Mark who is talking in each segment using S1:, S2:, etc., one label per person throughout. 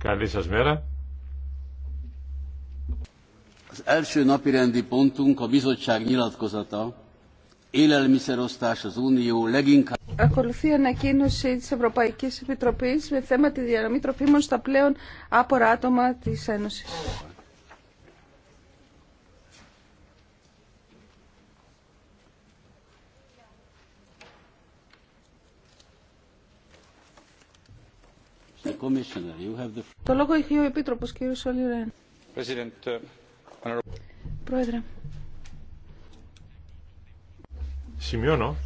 S1: Καλή σας μέρα!
S2: Ακολουθεί η ανακοίνωση της Ευρωπαϊκής Επιτροπής με θέμα τη διανομή τροφίμων στα πλέον άπορα άτομα της Ένωσης. Το λόγο έχει ο Επίτροπος, κύριο Σολιρέν.
S1: Uh, Πρόεδρε. Σημειώνω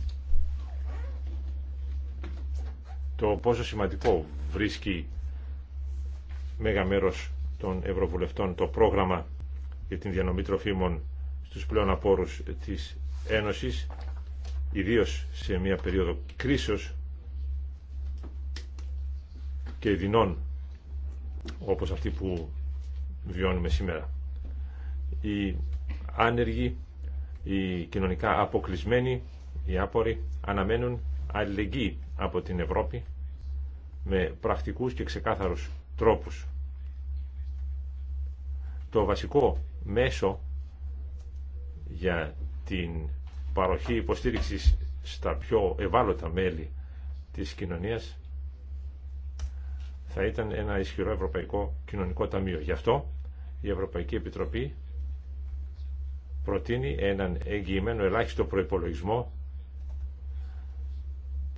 S1: το πόσο σημαντικό βρίσκει μέγα μέρος των Ευρωβουλευτών το πρόγραμμα για την διανομή τροφίμων στους πλέον απόρους της Ένωσης, ιδίως σε μια περίοδο κρίσεως ειδινών όπως αυτή που βιώνουμε σήμερα. Οι άνεργοι, οι κοινωνικά αποκλεισμένοι, οι άποροι αναμένουν αλληλεγγύη από την Ευρώπη με πρακτικούς και ξεκάθαρους τρόπους. Το βασικό μέσο για την παροχή υποστήριξης στα πιο ευάλωτα μέλη της κοινωνίας θα ήταν ένα ισχυρό Ευρωπαϊκό Κοινωνικό Ταμείο. Γι' αυτό η Ευρωπαϊκή Επιτροπή προτείνει έναν εγγυημένο ελάχιστο προϋπολογισμό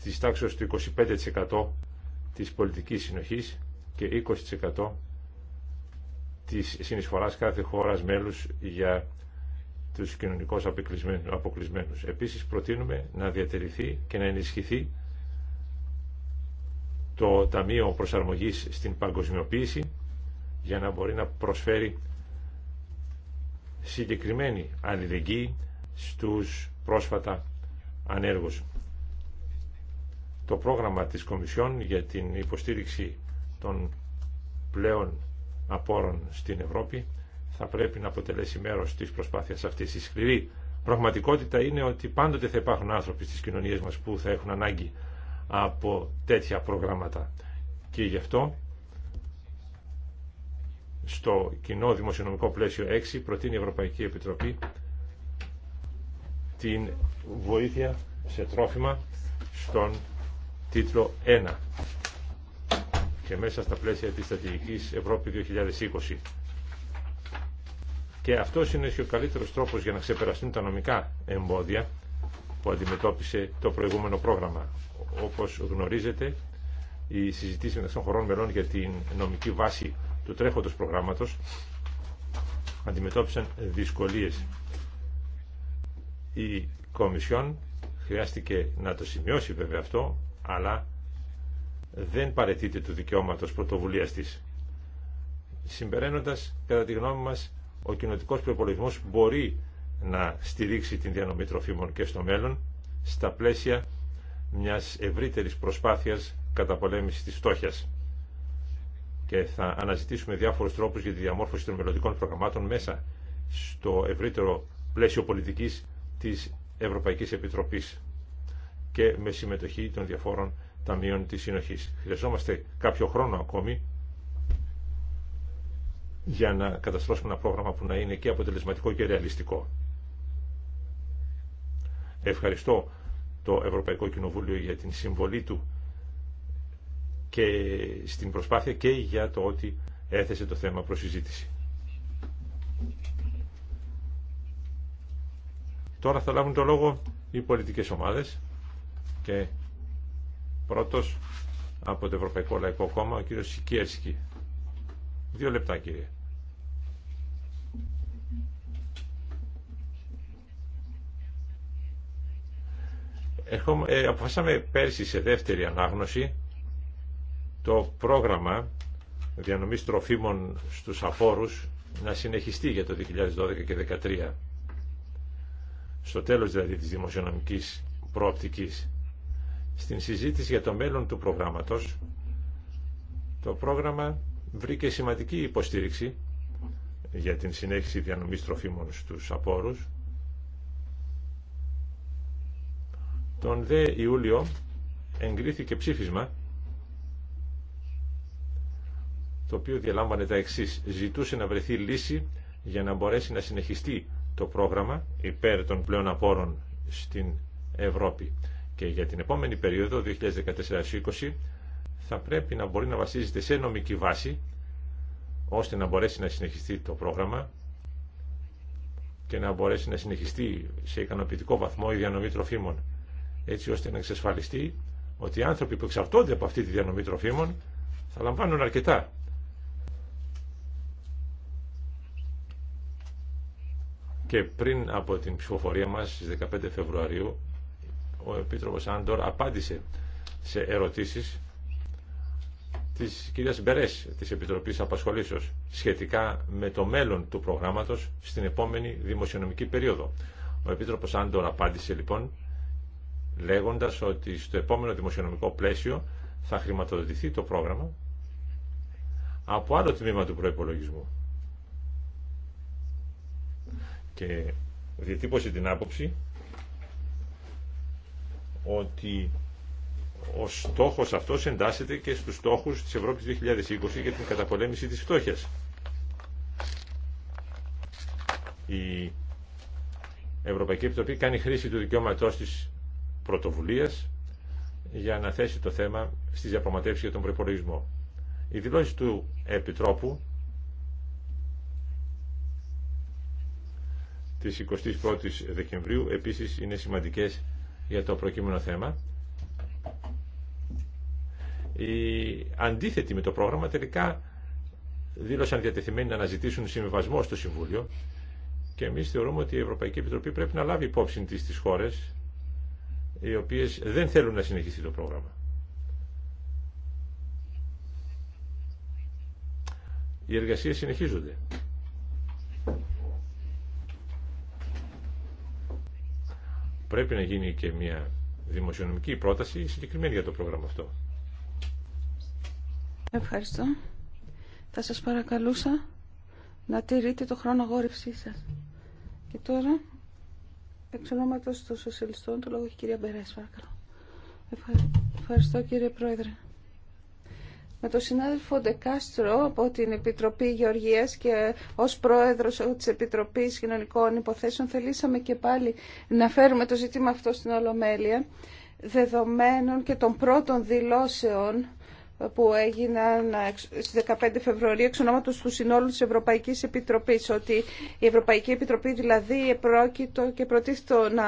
S1: της τάξης του 25% της πολιτικής συνοχής και 20% της συνεισφοράς κάθε χώρας μέλους για τους κοινωνικούς αποκλεισμένους. Επίσης προτείνουμε να διατηρηθεί και να ενισχυθεί το Ταμείο Προσαρμογής στην Παγκοσμιοποίηση για να μπορεί να προσφέρει συγκεκριμένη αλληλεγγύη στους πρόσφατα ανέργους. Το πρόγραμμα της Κομισιόν για την υποστήριξη των πλέον απόρων στην Ευρώπη θα πρέπει να αποτελέσει μέρος της προσπάθειας αυτής. Η σκληρή πραγματικότητα είναι ότι πάντοτε θα υπάρχουν άνθρωποι στις κοινωνίες μας που θα έχουν ανάγκη από τέτοια προγράμματα. Και γι' αυτό στο κοινό δημοσιονομικό πλαίσιο 6 προτείνει η Ευρωπαϊκή Επιτροπή την βοήθεια σε τρόφιμα στον τίτλο 1 και μέσα στα πλαίσια της στρατηγικής Ευρώπη 2020. Και αυτό είναι και ο καλύτερος τρόπος για να ξεπεραστούν τα νομικά εμπόδια που αντιμετώπισε το προηγούμενο πρόγραμμα. Όπως γνωρίζετε, οι συζητήσεις μεταξύ των χωρών μελών για την νομική βάση του τρέχοντος προγράμματος αντιμετώπισαν δυσκολίες. Η Κομισιόν χρειάστηκε να το σημειώσει βέβαια αυτό, αλλά δεν παρετείται του δικαιώματος πρωτοβουλίας της. Συμπεραίνοντας, κατά τη γνώμη μας, ο κοινοτικός προπολογισμό μπορεί να στηρίξει την διανομή τροφίμων και στο μέλλον στα πλαίσια μιας ευρύτερης προσπάθειας καταπολέμησης της φτώχειας. Και θα αναζητήσουμε διάφορους τρόπους για τη διαμόρφωση των μελλοντικών προγραμμάτων μέσα στο ευρύτερο πλαίσιο πολιτικής της Ευρωπαϊκής Επιτροπής και με συμμετοχή των διαφόρων ταμείων της συνοχής. Χρειαζόμαστε κάποιο χρόνο ακόμη για να καταστρώσουμε ένα πρόγραμμα που να είναι και αποτελεσματικό και ρεαλιστικό. Ευχαριστώ το Ευρωπαϊκό Κοινοβούλιο για την συμβολή του και στην προσπάθεια και για το ότι έθεσε το θέμα προς συζήτηση. Τώρα θα λάβουν το λόγο οι πολιτικές ομάδες και πρώτος από το Ευρωπαϊκό Λαϊκό Κόμμα ο κύριος Σικίερσκι. Δύο λεπτά κύριε. Έχουμε, ε, αποφασίσαμε πέρσι σε δεύτερη ανάγνωση το πρόγραμμα διανομής τροφίμων στους αφόρους να συνεχιστεί για το 2012 και 2013. Στο τέλος δηλαδή της δημοσιονομικής προοπτικής. Στην συζήτηση για το μέλλον του προγράμματος, το πρόγραμμα βρήκε σημαντική υποστήριξη για την συνέχιση διανομής τροφίμων στους απόρους Τον δε Ιούλιο εγκρίθηκε ψήφισμα το οποίο διαλάμβανε τα εξή Ζητούσε να βρεθεί λύση για να μπορέσει να συνεχιστεί το πρόγραμμα υπέρ των πλέον απόρων στην Ευρώπη. Και για την επόμενη περίοδο 2014-2020 θα πρέπει να μπορεί να βασίζεται σε νομική βάση ώστε να μπορέσει να συνεχιστεί το πρόγραμμα και να μπορέσει να συνεχιστεί σε ικανοποιητικό βαθμό η διανομή τροφίμων έτσι ώστε να εξασφαλιστεί ότι οι άνθρωποι που εξαρτώνται από αυτή τη διανομή τροφίμων θα λαμβάνουν αρκετά. Και πριν από την ψηφοφορία μας στις 15 Φεβρουαρίου ο Επίτροπος Άντορ απάντησε σε ερωτήσεις της κυρίας Μπερές της Επιτροπής Απασχολήσεως σχετικά με το μέλλον του προγράμματος στην επόμενη δημοσιονομική περίοδο. Ο Επίτροπος Άντορ απάντησε λοιπόν λέγοντας ότι στο επόμενο δημοσιονομικό πλαίσιο θα χρηματοδοτηθεί το πρόγραμμα από άλλο τμήμα του προϋπολογισμού. Και διατύπωσε την άποψη ότι ο στόχος αυτός εντάσσεται και στους στόχους της Ευρώπης 2020 για την καταπολέμηση της φτώχειας. Η Ευρωπαϊκή Επιτροπή κάνει χρήση του δικαιώματός της για να θέσει το θέμα στι διαπραγματεύσει για τον προπολογισμό. Οι δηλώσει του Επιτρόπου τη 21 η Δεκεμβρίου επίσης είναι σημαντικές για το προκείμενο θέμα. Οι αντίθετοι με το πρόγραμμα τελικά δήλωσαν διατεθειμένοι να αναζητήσουν συμβιβασμό στο Συμβούλιο και εμείς θεωρούμε ότι η Ευρωπαϊκή Επιτροπή πρέπει να λάβει υπόψη της τις χώρες οι οποίες δεν θέλουν να συνεχίσει το πρόγραμμα. Οι εργασίες συνεχίζονται. Πρέπει να γίνει και μια δημοσιονομική πρόταση συγκεκριμένη για το πρόγραμμα αυτό.
S2: Ευχαριστώ. Θα σας παρακαλούσα να τηρείτε το χρόνο γόρευσή σας. Και τώρα Εξ του των Σοσιαλιστών, το λόγο έχει η κυρία Μπερές, παρακαλώ. Ευχαριστώ κύριε Πρόεδρε. Με τον συνάδελφο Ντεκάστρο από την Επιτροπή Γεωργίας και ως πρόεδρος της Επιτροπής Κοινωνικών Υποθέσεων θελήσαμε και πάλι να φέρουμε το ζήτημα αυτό στην Ολομέλεια δεδομένων και των πρώτων δηλώσεων που έγιναν στις 15 Φεβρουαρίου εξ ονόματος του συνόλου της Ευρωπαϊκής Επιτροπής ότι η Ευρωπαϊκή Επιτροπή δηλαδή επρόκειτο και προτίθεται να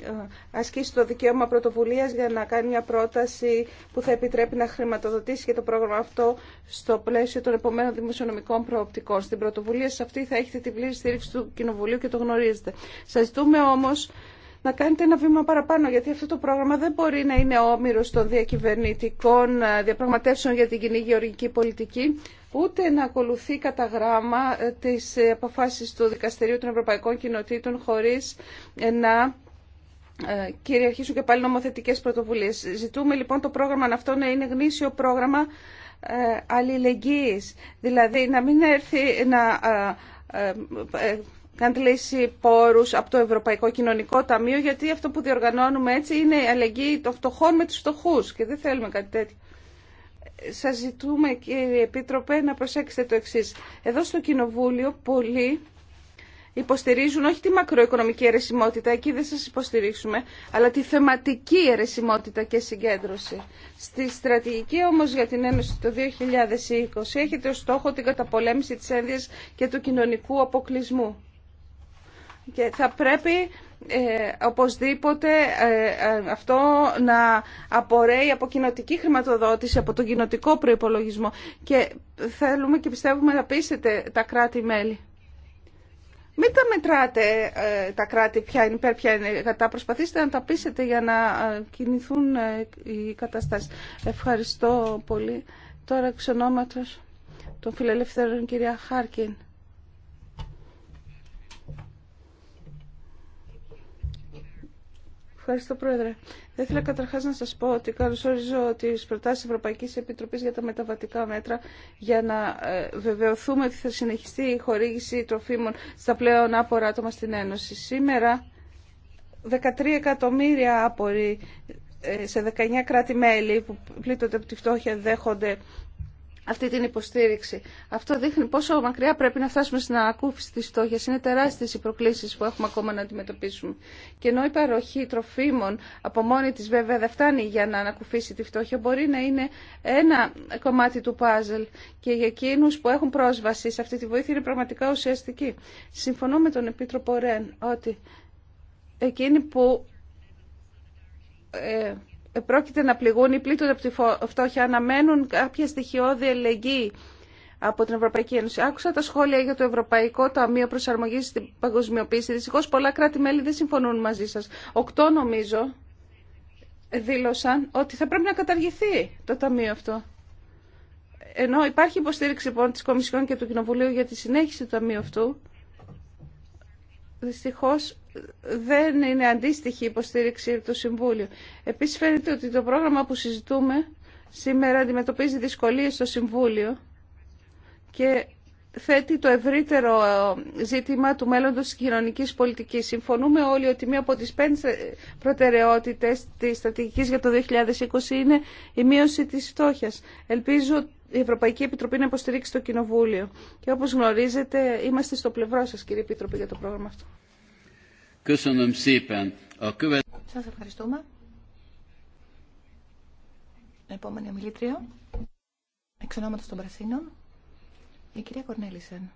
S2: ε, ασκήσει το δικαίωμα πρωτοβουλίας για να κάνει μια πρόταση που θα επιτρέπει να χρηματοδοτήσει και το πρόγραμμα αυτό στο πλαίσιο των επομένων δημοσιονομικών προοπτικών. Στην πρωτοβουλία σε αυτή θα έχετε την πλήρη στήριξη του Κοινοβουλίου και το γνωρίζετε. Σας ζητούμε όμως να κάνετε ένα βήμα παραπάνω, γιατί αυτό το πρόγραμμα δεν μπορεί να είναι όμοιρο των διακυβερνητικών ε, διαπραγματεύσεων για την κοινή γεωργική πολιτική, ούτε να ακολουθεί κατά γράμμα ε, τις ε, αποφάσεις του Δικαστηρίου των Ευρωπαϊκών Κοινοτήτων χωρίς να κυριαρχήσουν και πάλι νομοθετικές πρωτοβουλίες. Ζητούμε λοιπόν το πρόγραμμα αυτό να είναι γνήσιο πρόγραμμα αλληλεγγύης, δηλαδή να μην έρθει να να αντλήσει πόρους από το Ευρωπαϊκό Κοινωνικό Ταμείο, γιατί αυτό που διοργανώνουμε έτσι είναι η αλληλεγγύη των φτωχών με τους φτωχούς και δεν θέλουμε κάτι τέτοιο. Σας ζητούμε κύριε Επίτροπε να προσέξετε το εξής. Εδώ στο Κοινοβούλιο πολλοί υποστηρίζουν όχι τη μακροοικονομική αιρεσιμότητα, εκεί δεν σας υποστηρίξουμε, αλλά τη θεματική αιρεσιμότητα και συγκέντρωση. Στη στρατηγική όμως για την Ένωση το 2020 έχετε ως στόχο την καταπολέμηση της ένδυας και του κοινωνικού αποκλεισμού. Και θα πρέπει ε, οπωσδήποτε ε, ε, αυτό να απορρέει από κοινοτική χρηματοδότηση, από τον κοινοτικό προϋπολογισμό. Και θέλουμε και πιστεύουμε να πείσετε τα κράτη-μέλη. Μην τα μετράτε ε, τα κράτη ποια είναι υπέρ, ποια είναι κατά. Προσπαθήστε να τα πείσετε για να κινηθούν οι καταστάσεις. Ευχαριστώ πολύ. Τώρα εξ των φιλελευθέρων κυρία Χάρκιν. Ευχαριστώ, Πρόεδρε. Θα ήθελα καταρχά να σα πω ότι καλωσορίζω τι προτάσει τη Ευρωπαϊκή Επιτροπή για τα μεταβατικά μέτρα για να ε, βεβαιωθούμε ότι θα συνεχιστεί η χορήγηση τροφίμων στα πλέον άπορα άτομα στην Ένωση. Σήμερα 13 εκατομμύρια άποροι ε, σε 19 κράτη-μέλη που πλήττονται από τη φτώχεια δέχονται αυτή την υποστήριξη. Αυτό δείχνει πόσο μακριά πρέπει να φτάσουμε στην ανακούφιση τη φτώχεια. Είναι τεράστιε οι προκλήσεις που έχουμε ακόμα να αντιμετωπίσουμε. Και ενώ η παροχή τροφίμων από μόνη τη βέβαια δεν φτάνει για να ανακουφίσει τη φτώχεια, μπορεί να είναι ένα κομμάτι του πάζελ και για εκείνου που έχουν πρόσβαση σε αυτή τη βοήθεια είναι πραγματικά ουσιαστική. Συμφωνώ με τον Επίτροπο Ρεν ότι εκείνοι που ε, πρόκειται να πληγούν ή πλήττονται από τη φτώχεια, αναμένουν κάποια στοιχειώδη ελεγγύη από την Ευρωπαϊκή Ένωση. Άκουσα τα σχόλια για το Ευρωπαϊκό Ταμείο Προσαρμογή στην Παγκοσμιοποίηση. Δυστυχώ πολλά κράτη-μέλη δεν συμφωνούν μαζί σα. Οκτώ, νομίζω, δήλωσαν ότι θα πρέπει να καταργηθεί το Ταμείο αυτό. Ενώ υπάρχει υποστήριξη λοιπόν τη Κομισιόν και του Κοινοβουλίου για τη συνέχιση του Ταμείου αυτού, δυστυχώ δεν είναι αντίστοιχη η υποστήριξη από το Συμβούλιο. Επίσης φαίνεται ότι το πρόγραμμα που συζητούμε σήμερα αντιμετωπίζει δυσκολίες στο Συμβούλιο και θέτει το ευρύτερο ε, ζήτημα του μέλλοντος της κοινωνικής πολιτικής. Συμφωνούμε όλοι ότι μία από τις πέντε προτεραιότητες της στρατηγικής για το 2020 είναι η μείωση της φτώχειας. Ελπίζω η Ευρωπαϊκή Επιτροπή να υποστηρίξει το Κοινοβούλιο. Και όπως γνωρίζετε είμαστε στο πλευρό σας κύριε Επίτροπη για το πρόγραμμα αυτό.
S3: Σας ευχαριστούμε. Επόμενη ομιλήτρια, εξ ονόματος των Πρασίνων, η κυρία Κορνέλησεν.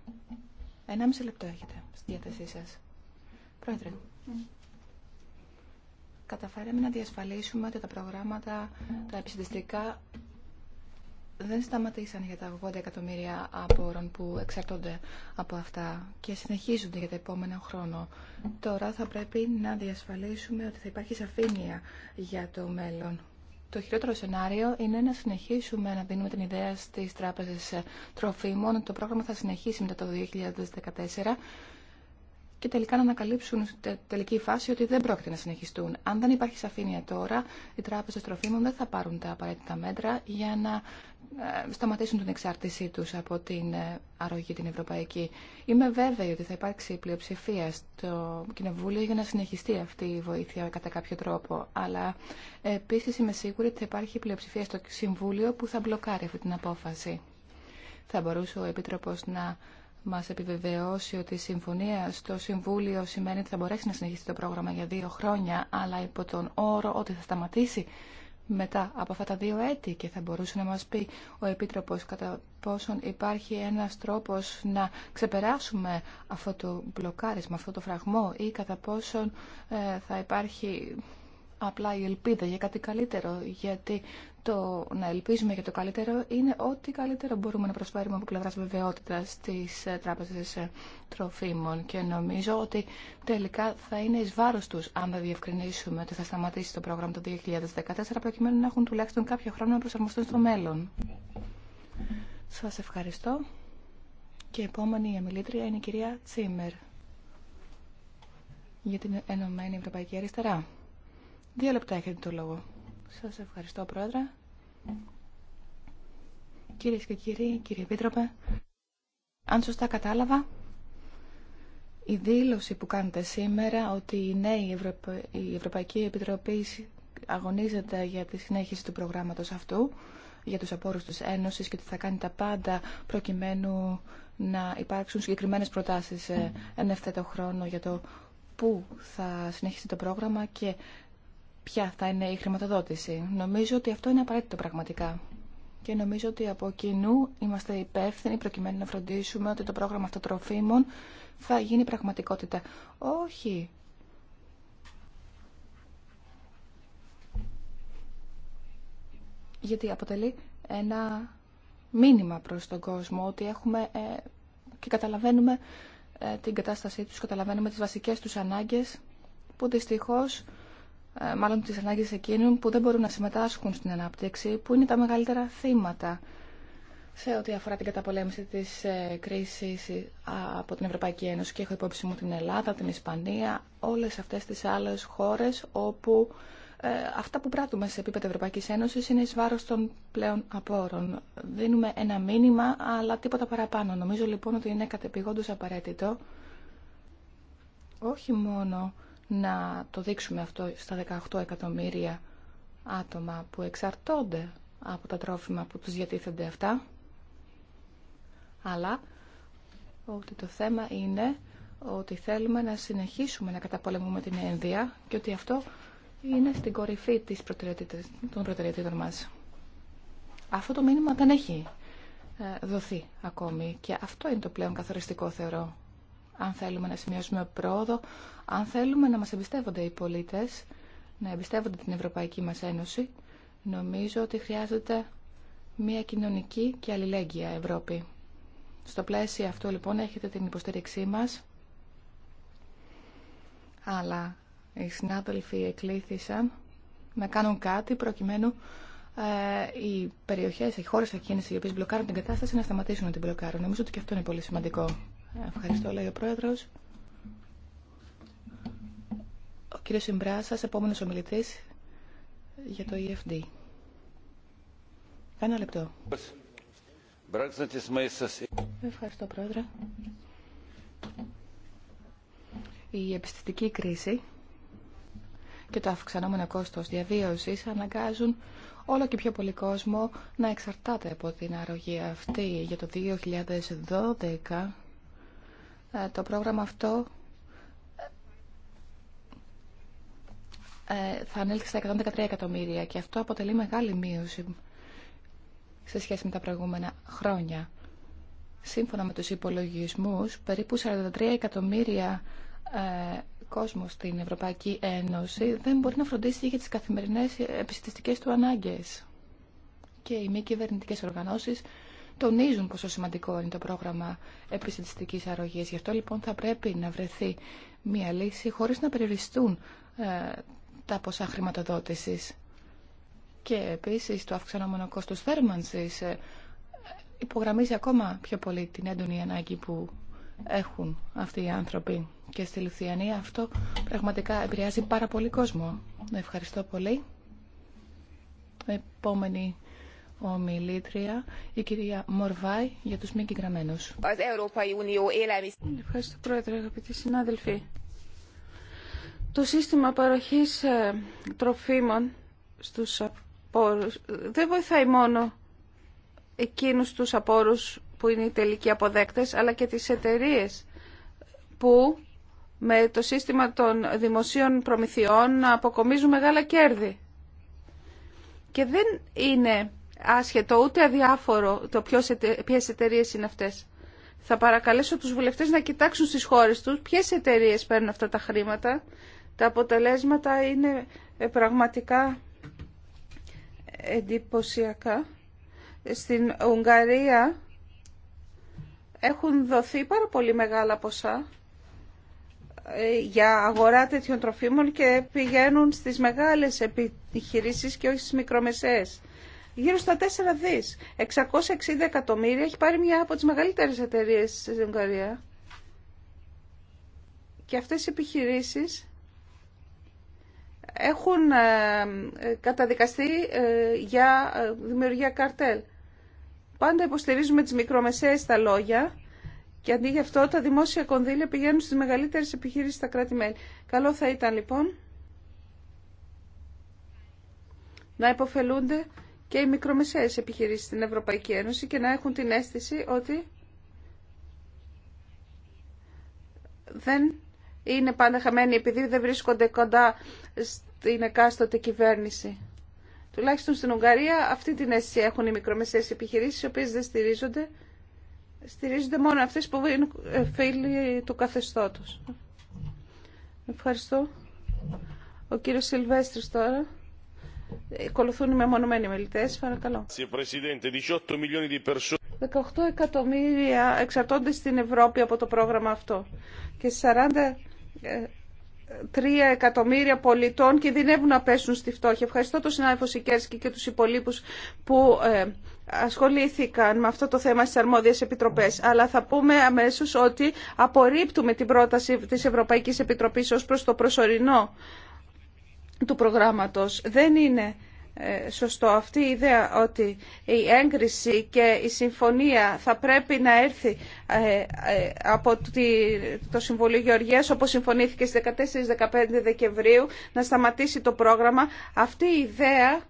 S3: Ένα μισή λεπτό έχετε στη διάθεσή σας. Πρόεδρε, καταφέραμε να διασφαλίσουμε ότι τα προγράμματα, τα επιστημιστικά δεν σταματήσαν για τα 80 εκατομμύρια απόρων που εξαρτώνται από αυτά και συνεχίζονται για το επόμενο χρόνο. Τώρα θα πρέπει να διασφαλίσουμε ότι θα υπάρχει σαφήνεια για το μέλλον. Το χειρότερο σενάριο είναι να συνεχίσουμε να δίνουμε την ιδέα στις τράπεζες τροφίμων. Το πρόγραμμα θα συνεχίσει μετά το 2014 και τελικά να ανακαλύψουν στη τελική φάση ότι δεν πρόκειται να συνεχιστούν. Αν δεν υπάρχει σαφήνεια τώρα, οι τράπεζε τροφίμων δεν θα πάρουν τα απαραίτητα μέτρα για να ε, σταματήσουν την εξάρτησή του από την ε, αρρωγή την ευρωπαϊκή. Είμαι βέβαιη ότι θα υπάρξει πλειοψηφία στο Κοινοβούλιο για να συνεχιστεί αυτή η βοήθεια κατά κάποιο τρόπο. Αλλά επίση είμαι σίγουρη ότι θα υπάρχει πλειοψηφία στο Συμβούλιο που θα μπλοκάρει αυτή την απόφαση. Θα μπορούσε ο να Μα επιβεβαιώσει ότι η συμφωνία στο Συμβούλιο σημαίνει ότι θα μπορέσει να συνεχίσει το πρόγραμμα για δύο χρόνια, αλλά υπό τον όρο ότι θα σταματήσει μετά από αυτά τα δύο έτη και θα μπορούσε να μας πει ο Επίτροπος κατά πόσον υπάρχει ένας τρόπος να ξεπεράσουμε αυτό το μπλοκάρισμα, αυτό το φραγμό ή κατά πόσον ε, θα υπάρχει απλά η ελπίδα για κάτι καλύτερο, γιατί το να ελπίζουμε για το καλύτερο είναι ό,τι καλύτερο μπορούμε να προσφέρουμε από πλευρά βεβαιότητα στις ε, τράπεζες ε, τροφίμων και νομίζω ότι τελικά θα είναι ει βάρο τους αν δεν διευκρινίσουμε ότι θα σταματήσει το πρόγραμμα το 2014 προκειμένου να έχουν τουλάχιστον κάποιο χρόνο να προσαρμοστούν στο μέλλον. Σα ευχαριστώ και η επόμενη ομιλήτρια είναι η κυρία Τσίμερ για την Ενωμένη Ευρωπαϊκή Αριστερά. Δύο λεπτά έχετε το λόγο. Σας ευχαριστώ, Πρόεδρε. Κυρίες και κύριοι, κύριε Επίτροπε, αν σωστά κατάλαβα, η δήλωση που κάνετε σήμερα ότι η νέη η Ευρωπαϊκή Επιτροπή αγωνίζεται για τη συνέχιση του προγράμματος αυτού, για τους απόρους της Ένωσης και ότι θα κάνει τα πάντα προκειμένου να υπάρξουν συγκεκριμένες προτάσεις εν ευθέτω χρόνο για το πού θα συνεχίσει το πρόγραμμα και ποια θα είναι η χρηματοδότηση. Νομίζω ότι αυτό είναι απαραίτητο πραγματικά. Και νομίζω ότι από κοινού είμαστε υπεύθυνοι προκειμένου να φροντίσουμε ότι το πρόγραμμα αυτοτροφίμων θα γίνει πραγματικότητα. Όχι. Γιατί αποτελεί ένα μήνυμα προς τον κόσμο ότι έχουμε ε, και καταλαβαίνουμε ε, την κατάστασή τους, καταλαβαίνουμε τις βασικές τους ανάγκες που δυστυχώς ε, μάλλον τις ανάγκες εκείνων που δεν μπορούν να συμμετάσχουν στην ανάπτυξη, που είναι τα μεγαλύτερα θύματα σε ό,τι αφορά την καταπολέμηση της ε, κρίσης ε, από την Ευρωπαϊκή Ένωση και έχω υπόψη μου την Ελλάδα, την Ισπανία, όλες αυτές τις άλλες χώρες όπου αυτά που πράττουμε σε επίπεδο Ευρωπαϊκής Ένωσης είναι εις βάρος των πλέον απόρων. Δίνουμε ένα μήνυμα, αλλά τίποτα παραπάνω. Νομίζω λοιπόν ότι είναι κατεπηγόντως απαραίτητο όχι μόνο να το δείξουμε αυτό στα 18 εκατομμύρια άτομα που εξαρτώνται από τα τρόφιμα που τους διατίθενται αυτά. Αλλά ότι το θέμα είναι ότι θέλουμε να συνεχίσουμε να καταπολεμούμε την ενδιά και ότι αυτό είναι στην κορυφή της των προτεραιοτήτων μας. Αυτό το μήνυμα δεν έχει ε, δοθεί ακόμη και αυτό είναι το πλέον καθοριστικό θεωρώ αν θέλουμε να σημειώσουμε πρόοδο, αν θέλουμε να μας εμπιστεύονται οι πολίτες, να εμπιστεύονται την Ευρωπαϊκή μας Ένωση, νομίζω ότι χρειάζεται μια κοινωνική και αλληλέγγυα Ευρώπη. Στο πλαίσιο αυτό λοιπόν έχετε την υποστήριξή μας, αλλά οι συνάδελφοι εκλήθησαν να κάνουν κάτι προκειμένου ε, οι περιοχές, οι χώρε εκείνε οι οποίε μπλοκάρουν την κατάσταση να σταματήσουν να την μπλοκάρουν. Νομίζω ότι και αυτό είναι πολύ σημαντικό. Ευχαριστώ, λέει ο πρόεδρο. Ο κύριος Συμπράσα, επόμενος ομιλητής για το EFD. Ένα λεπτό. Ευχαριστώ, Πρόεδρε. Η επιστημική κρίση και το αυξανόμενο κόστος διαβίωσης αναγκάζουν όλο και πιο πολύ κόσμο να εξαρτάται από την αρρωγή αυτή. Για το 2012 ε, το πρόγραμμα αυτό ε, θα ανέλθει στα 113 εκατομμύρια και αυτό αποτελεί μεγάλη μείωση σε σχέση με τα προηγούμενα χρόνια. Σύμφωνα με τους υπολογισμούς, περίπου 43 εκατομμύρια ε, κόσμο στην Ευρωπαϊκή Ένωση δεν μπορεί να φροντίσει για τις καθημερινές επιστηστικές του ανάγκες. Και οι μη κυβερνητικέ οργανώσεις τονίζουν πόσο σημαντικό είναι το πρόγραμμα επιστημιστικής αρρωγής. Γι' αυτό λοιπόν θα πρέπει να βρεθεί μία λύση χωρίς να περιοριστούν ε, τα ποσά χρηματοδότησης. Και επίσης το αυξανόμενο κόστος θέρμανσης ε, υπογραμμίζει ακόμα πιο πολύ την έντονη ανάγκη που έχουν αυτοί οι άνθρωποι. Και στη Λουθιανία αυτό πραγματικά επηρεάζει πάρα πολύ κόσμο. Ευχαριστώ πολύ. Επόμενη ομιλήτρια, η κυρία Μορβάη, για τους μη κυγραμμένους.
S2: Ευχαριστώ, Πρόεδρε, αγαπητοί συνάδελφοι. Το σύστημα παροχής ε, τροφίμων στους απόρους δεν βοηθάει μόνο εκείνους τους απόρους που είναι οι τελικοί αποδέκτες, αλλά και τις εταιρείε που με το σύστημα των δημοσίων προμηθειών αποκομίζουν μεγάλα κέρδη. Και δεν είναι άσχετο ούτε αδιάφορο το ποιες, ποιες εταιρείε είναι αυτές. Θα παρακαλέσω τους βουλευτές να κοιτάξουν στις χώρες τους ποιες εταιρείε παίρνουν αυτά τα χρήματα. Τα αποτελέσματα είναι ε, πραγματικά εντυπωσιακά. Στην Ουγγαρία έχουν δοθεί πάρα πολύ μεγάλα ποσά ε, για αγορά τέτοιων τροφίμων και πηγαίνουν στις μεγάλες επιχειρήσεις και όχι στις μικρομεσαίες γύρω στα 4 δις. 660 εκατομμύρια έχει πάρει μια από τις μεγαλύτερες εταιρείες στη Ουγγαρία. Και αυτές οι επιχειρήσεις έχουν ε, καταδικαστεί ε, για ε, δημιουργία καρτέλ. Πάντα υποστηρίζουμε τις μικρομεσαίες στα λόγια και αντί γι' αυτό τα δημόσια κονδύλια πηγαίνουν στις μεγαλύτερες επιχειρήσεις στα κράτη-μέλη. Καλό θα ήταν λοιπόν να υποφελούνται και οι μικρομεσαίες επιχειρήσεις στην Ευρωπαϊκή Ένωση και να έχουν την αίσθηση ότι δεν είναι πάντα χαμένοι επειδή δεν βρίσκονται κοντά στην εκάστοτε κυβέρνηση. Τουλάχιστον στην Ουγγαρία αυτή την αίσθηση έχουν οι μικρομεσαίες επιχειρήσεις, οι οποίες δεν στηρίζονται. Στηρίζονται μόνο αυτές που είναι φίλοι του καθεστώτος. Ευχαριστώ. Ο κύριος Σιλβέστρης τώρα. Ακολουθούν οι μεμονωμένοι μελητέ. Παρακαλώ. 18 εκατομμύρια εξαρτώνται στην Ευρώπη από το πρόγραμμα αυτό. Και 43 ε, εκατομμύρια πολιτών κινδυνεύουν να πέσουν στη φτώχεια. Ευχαριστώ τον συνάδελφο Σικέρσκι και τους υπολείπου που ε, ασχολήθηκαν με αυτό το θέμα στι αρμόδιες επιτροπές. Αλλά θα πούμε αμέσω ότι απορρίπτουμε την πρόταση τη Ευρωπαϊκή Επιτροπής ω προ το προσωρινό του προγράμματος. Δεν είναι ε, σωστό αυτή η ιδέα ότι η έγκριση και η συμφωνία θα πρέπει να έρθει ε, ε, από το Συμβουλίο Γεωργίας όπως συμφωνήθηκε στις 14-15 Δεκεμβρίου να σταματήσει το πρόγραμμα. Αυτή η ιδέα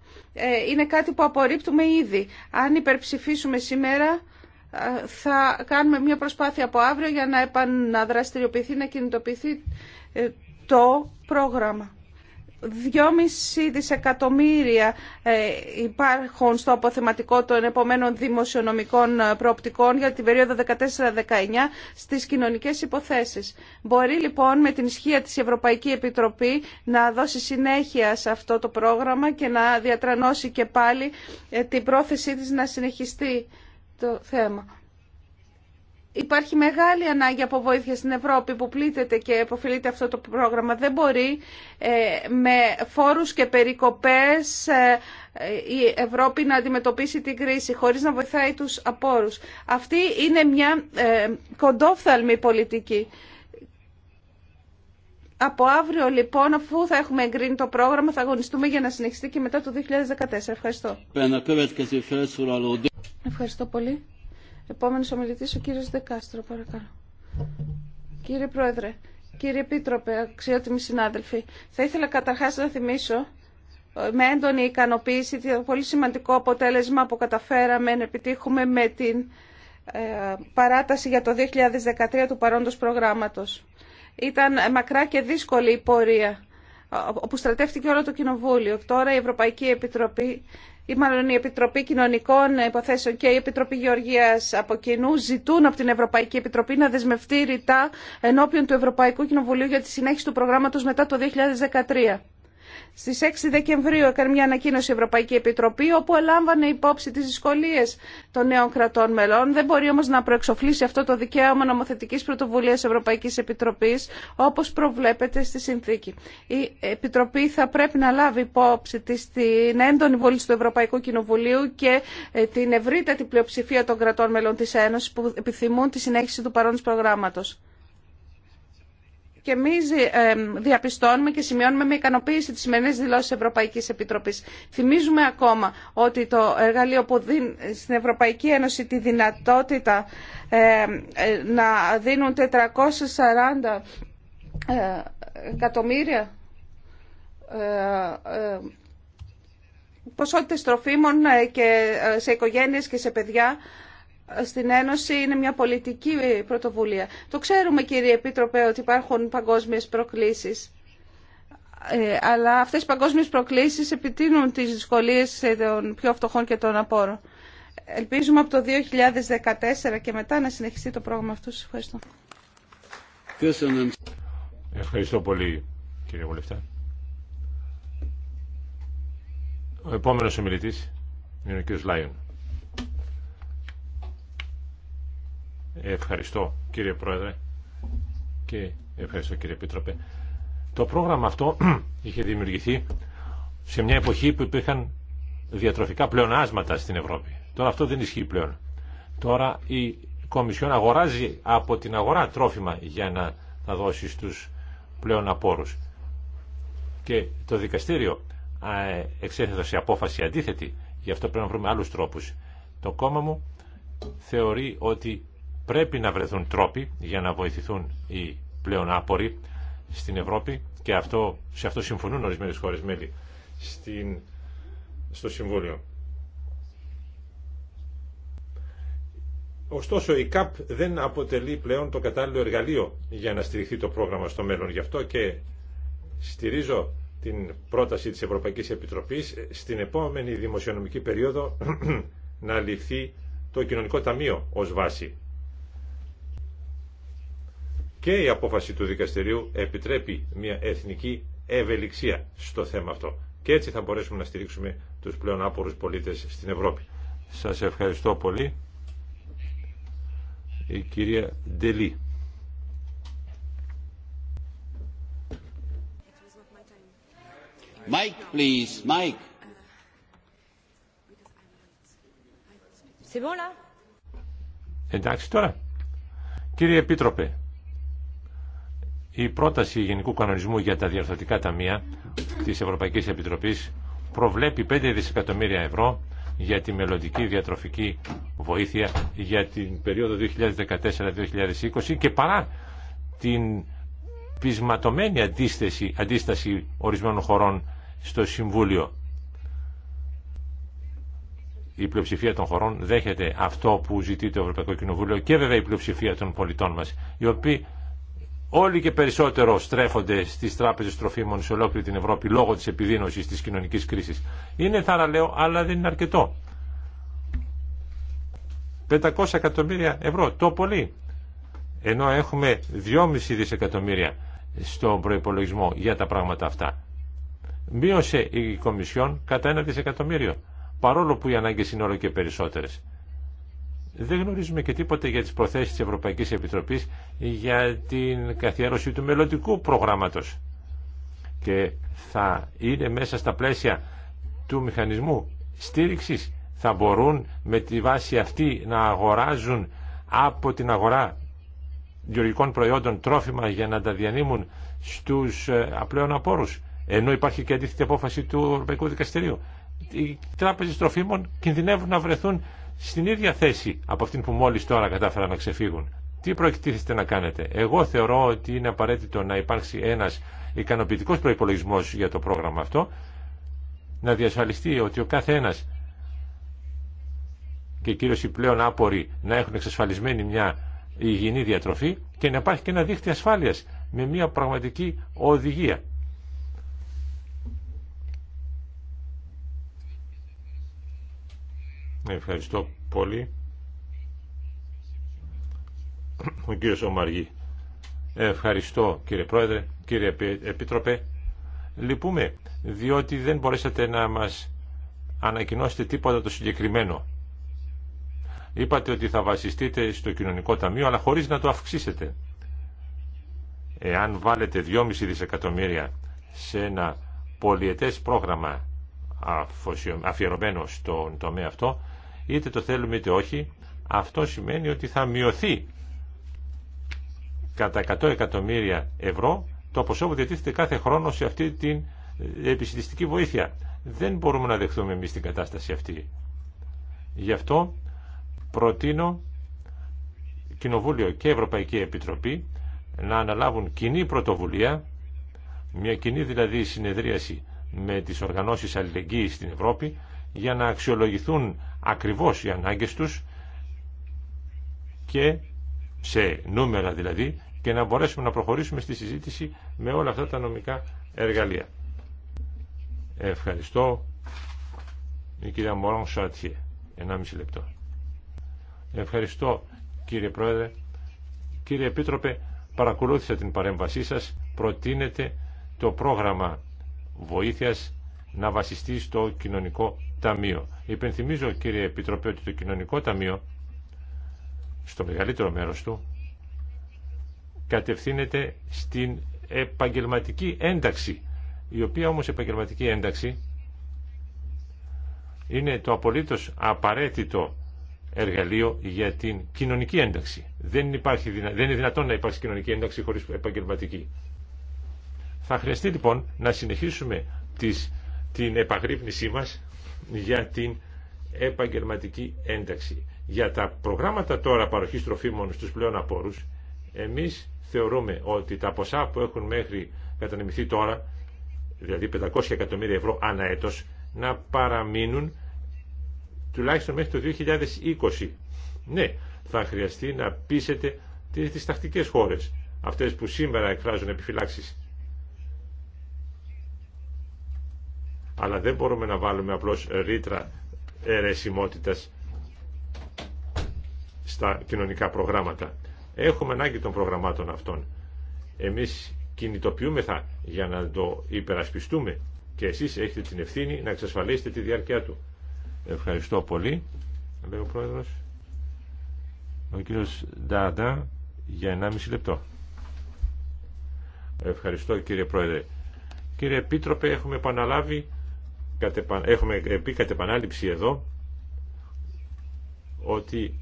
S2: είναι κάτι που απορρίπτουμε ήδη. Αν υπερψηφίσουμε σήμερα θα κάνουμε μια προσπάθεια από αύριο για να επαναδραστηριοποιηθεί, να κινητοποιηθεί το πρόγραμμα. 2,5 δισεκατομμύρια ε, υπάρχουν στο αποθεματικό των επομένων δημοσιονομικών ε, προοπτικών για την περίοδο 14-19 στις κοινωνικές υποθέσεις. Μπορεί λοιπόν με την ισχύα της Ευρωπαϊκή Επιτροπή να δώσει συνέχεια σε αυτό το πρόγραμμα και να διατρανώσει και πάλι ε, την πρόθεσή της να συνεχιστεί το θέμα. Υπάρχει μεγάλη ανάγκη από βοήθεια στην Ευρώπη που πλήττεται και υποφιλείται αυτό το πρόγραμμα. Δεν μπορεί ε, με φόρους και περικοπές ε, η Ευρώπη να αντιμετωπίσει την κρίση χωρίς να βοηθάει τους απόρους. Αυτή είναι μια ε, κοντόφθαλμη πολιτική. Από αύριο λοιπόν, αφού θα έχουμε εγκρίνει το πρόγραμμα, θα αγωνιστούμε για να συνεχιστεί και μετά το 2014. Ευχαριστώ. Ευχαριστώ πολύ. Επόμενος ομιλητή ο κύριο Δεκάστρο, παρακαλώ. Κύριε Πρόεδρε, κύριε Επίτροπε, αξιότιμοι συνάδελφοι, θα ήθελα καταρχά να θυμίσω ε, με έντονη ικανοποίηση το πολύ σημαντικό αποτέλεσμα που καταφέραμε να επιτύχουμε με την ε, παράταση για το 2013 του παρόντος προγράμματος. Ήταν μακρά και δύσκολη η πορεία ε, όπου στρατεύτηκε όλο το Κοινοβούλιο. Τώρα η Ευρωπαϊκή Επιτροπή ή μάλλον η Επιτροπή Κοινωνικών Υποθέσεων και η Επιτροπή Γεωργίας από κοινού ζητούν από την Ευρωπαϊκή Επιτροπή να δεσμευτεί ρητά ενώπιον του Ευρωπαϊκού Κοινοβουλίου για τη συνέχιση του προγράμματος μετά το 2013. Στι 6 Δεκεμβρίου έκανε μια ανακοίνωση η Ευρωπαϊκή Επιτροπή όπου ελάμβανε υπόψη τι δυσκολίε των νέων κρατών μελών. Δεν μπορεί όμω να προεξοφλήσει αυτό το δικαίωμα νομοθετική πρωτοβουλίας Ευρωπαϊκή Επιτροπή, όπω προβλέπεται στη συνθήκη. Η Επιτροπή θα πρέπει να λάβει υπόψη της την έντονη βόληση του Ευρωπαϊκού Κοινοβουλίου και ε, την ευρύτατη πλειοψηφία των κρατών μελών τη Ένωση που επιθυμούν τη συνέχιση του παρόντος προγράμματο και εμεί διαπιστώνουμε και σημειώνουμε με ικανοποίηση τι σημερινέ δηλώσει Ευρωπαϊκή Επιτροπή. Θυμίζουμε ακόμα ότι το εργαλείο που δίνει στην Ευρωπαϊκή Ένωση τη δυνατότητα ε, να δίνουν 440 ε, εκατομμύρια ε, ποσότητες τροφίμων και σε οικογένειες και σε παιδιά στην Ένωση είναι μια πολιτική πρωτοβουλία. Το ξέρουμε κύριε Επίτροπε ότι υπάρχουν παγκόσμιες προκλήσεις. Ε, αλλά αυτές οι παγκόσμιες προκλήσεις επιτείνουν τις δυσκολίες των πιο φτωχών και των απόρων. Ελπίζουμε από το 2014 και μετά να συνεχιστεί το πρόγραμμα αυτό. ευχαριστώ.
S1: Ευχαριστώ πολύ κύριε Βουλευτά. Ο επόμενος ομιλητής είναι ο κύριος Λάιον. Ευχαριστώ κύριε Πρόεδρε και ευχαριστώ κύριε Επίτροπε. Το πρόγραμμα αυτό είχε δημιουργηθεί σε μια εποχή που υπήρχαν διατροφικά πλεονάσματα στην Ευρώπη. Τώρα αυτό δεν ισχύει πλέον. Τώρα η Κομισιόν αγοράζει από την αγορά τρόφιμα για να τα δώσει στους πλέον απόρους. Και το δικαστήριο εξέθεσε σε απόφαση αντίθετη, γι' αυτό πρέπει να βρούμε άλλους τρόπους. Το κόμμα μου θεωρεί ότι Πρέπει να βρεθούν τρόποι για να βοηθηθούν οι πλέον άποροι στην Ευρώπη και αυτό, σε αυτό συμφωνούν όρισμένε χώρε μέλη στο Συμβούλιο. Ωστόσο, η ΚΑΠ δεν αποτελεί πλέον το κατάλληλο εργαλείο για να στηριχθεί το πρόγραμμα στο μέλλον. Γι' αυτό και στηρίζω την πρόταση της Ευρωπαϊκής Επιτροπής στην επόμενη δημοσιονομική περίοδο να ληφθεί το Κοινωνικό Ταμείο ως βάση και η απόφαση του δικαστηρίου επιτρέπει μια εθνική ευελιξία στο θέμα αυτό. Και έτσι θα μπορέσουμε να στηρίξουμε τους πλέον άπορους πολίτες στην Ευρώπη. Σας ευχαριστώ πολύ. Η κυρία Ντελή. C'est bon là? Εντάξει τώρα. Κύριε Επίτροπε, η πρόταση Γενικού Κανονισμού για τα Διαρθρωτικά Ταμεία τη Ευρωπαϊκή Επιτροπής προβλέπει 5 δισεκατομμύρια ευρώ για τη μελλοντική διατροφική βοήθεια για την περίοδο 2014-2020 και παρά την πεισματωμένη αντίσταση, αντίσταση ορισμένων χωρών στο Συμβούλιο. Η πλειοψηφία των χωρών δέχεται αυτό που ζητεί το Ευρωπαϊκό Κοινοβούλιο και βέβαια η πλειοψηφία των πολιτών μας, οι οποίοι όλοι και περισσότερο στρέφονται στις τράπεζες τροφίμων σε ολόκληρη την Ευρώπη λόγω της επιδείνωσης της κοινωνική κρίσης. Είναι θαραλέο, αλλά δεν είναι αρκετό. 500 εκατομμύρια ευρώ, το πολύ. Ενώ έχουμε 2,5 δισεκατομμύρια στον προϋπολογισμό για τα πράγματα αυτά. Μείωσε η Κομισιόν κατά ένα δισεκατομμύριο, παρόλο που οι ανάγκες είναι όλο και περισσότερε. Δεν γνωρίζουμε και τίποτε για τις προθέσεις της Ευρωπαϊκής Επιτροπής για την καθιέρωση του μελλοντικού προγράμματος. Και θα είναι μέσα στα πλαίσια του μηχανισμού στήριξης θα μπορούν με τη βάση αυτή να αγοράζουν από την αγορά γεωργικών προϊόντων τρόφιμα για να τα διανύμουν στους ε, απλέον απόρους ενώ υπάρχει και αντίθετη απόφαση του Ευρωπαϊκού Δικαστηρίου οι τράπεζες τροφίμων κινδυνεύουν να βρεθούν στην ίδια θέση από αυτήν που μόλις τώρα κατάφεραν να ξεφύγουν. Τι προεκτίθεστε να κάνετε. Εγώ θεωρώ ότι είναι απαραίτητο να υπάρξει ένας ικανοποιητικός προϋπολογισμός για το πρόγραμμα αυτό, να διασφαλιστεί ότι ο κάθε ένας και κυρίως οι πλέον άποροι να έχουν εξασφαλισμένη μια υγιεινή διατροφή και να υπάρχει και ένα δίχτυ ασφάλειας με μια πραγματική οδηγία Ευχαριστώ πολύ. Ο κύριος Ομαργή. Ευχαριστώ κύριε Πρόεδρε, κύριε Επίτροπε. Λυπούμε, διότι δεν μπορέσατε να μας ανακοινώσετε τίποτα το συγκεκριμένο. Είπατε ότι θα βασιστείτε στο κοινωνικό ταμείο, αλλά χωρίς να το αυξήσετε. Εάν βάλετε 2,5 δισεκατομμύρια σε ένα πολιετές πρόγραμμα αφιερωμένο στον τομέα αυτό, είτε το θέλουμε είτε όχι, αυτό σημαίνει ότι θα μειωθεί κατά 100 εκατομμύρια ευρώ το ποσό που διατίθεται κάθε χρόνο σε αυτή την ε, επιστημιστική βοήθεια. Δεν μπορούμε να δεχθούμε εμείς την κατάσταση αυτή. Γι' αυτό προτείνω Κοινοβούλιο και Ευρωπαϊκή Επιτροπή να αναλάβουν κοινή πρωτοβουλία, μια κοινή δηλαδή συνεδρίαση με τις οργανώσεις αλληλεγγύης στην Ευρώπη, για να αξιολογηθούν ακριβώς οι ανάγκες τους και σε νούμερα δηλαδή και να μπορέσουμε να προχωρήσουμε στη συζήτηση με όλα αυτά τα νομικά εργαλεία. Ευχαριστώ η κυρία Μωρόν Σατιέ. μισή λεπτό. Ευχαριστώ κύριε Πρόεδρε. Κύριε Επίτροπε, παρακολούθησα την παρέμβασή σας. Προτείνετε το πρόγραμμα βοήθειας να βασιστεί στο κοινωνικό Ταμείο. Υπενθυμίζω κύριε Επιτροπέ ότι το Κοινωνικό Ταμείο στο μεγαλύτερο μέρος του κατευθύνεται στην επαγγελματική ένταξη η οποία όμως επαγγελματική ένταξη είναι το απολύτως απαραίτητο εργαλείο για την κοινωνική ένταξη. Δεν, υπάρχει, δεν είναι δυνατόν να υπάρξει κοινωνική ένταξη χωρίς επαγγελματική. Θα χρειαστεί λοιπόν να συνεχίσουμε τις, την επαγρύπνησή μας για την επαγγελματική ένταξη. Για τα προγράμματα τώρα παροχής τροφίμων στους πλέον απόρους, εμείς θεωρούμε ότι τα ποσά που έχουν μέχρι κατανεμηθεί τώρα, δηλαδή 500 εκατομμύρια ευρώ ανά έτος, να παραμείνουν τουλάχιστον μέχρι το 2020. Ναι, θα χρειαστεί να πείσετε τις τακτικές χώρες, αυτές που σήμερα εκφράζουν επιφυλάξεις αλλά δεν μπορούμε να βάλουμε απλώς ρήτρα αιρεσιμότητας στα κοινωνικά προγράμματα. Έχουμε ανάγκη των προγραμμάτων αυτών. Εμείς κινητοποιούμεθα για να το υπερασπιστούμε και εσείς έχετε την ευθύνη να εξασφαλίσετε τη διάρκεια του. Ευχαριστώ πολύ, ο Πρόεδρος. Ο κύριος Ντάντα για 1,5 λεπτό. Ευχαριστώ κύριε Πρόεδρε. Κύριε Επίτροπε, έχουμε επαναλάβει έχουμε πει κατ' επανάληψη εδώ ότι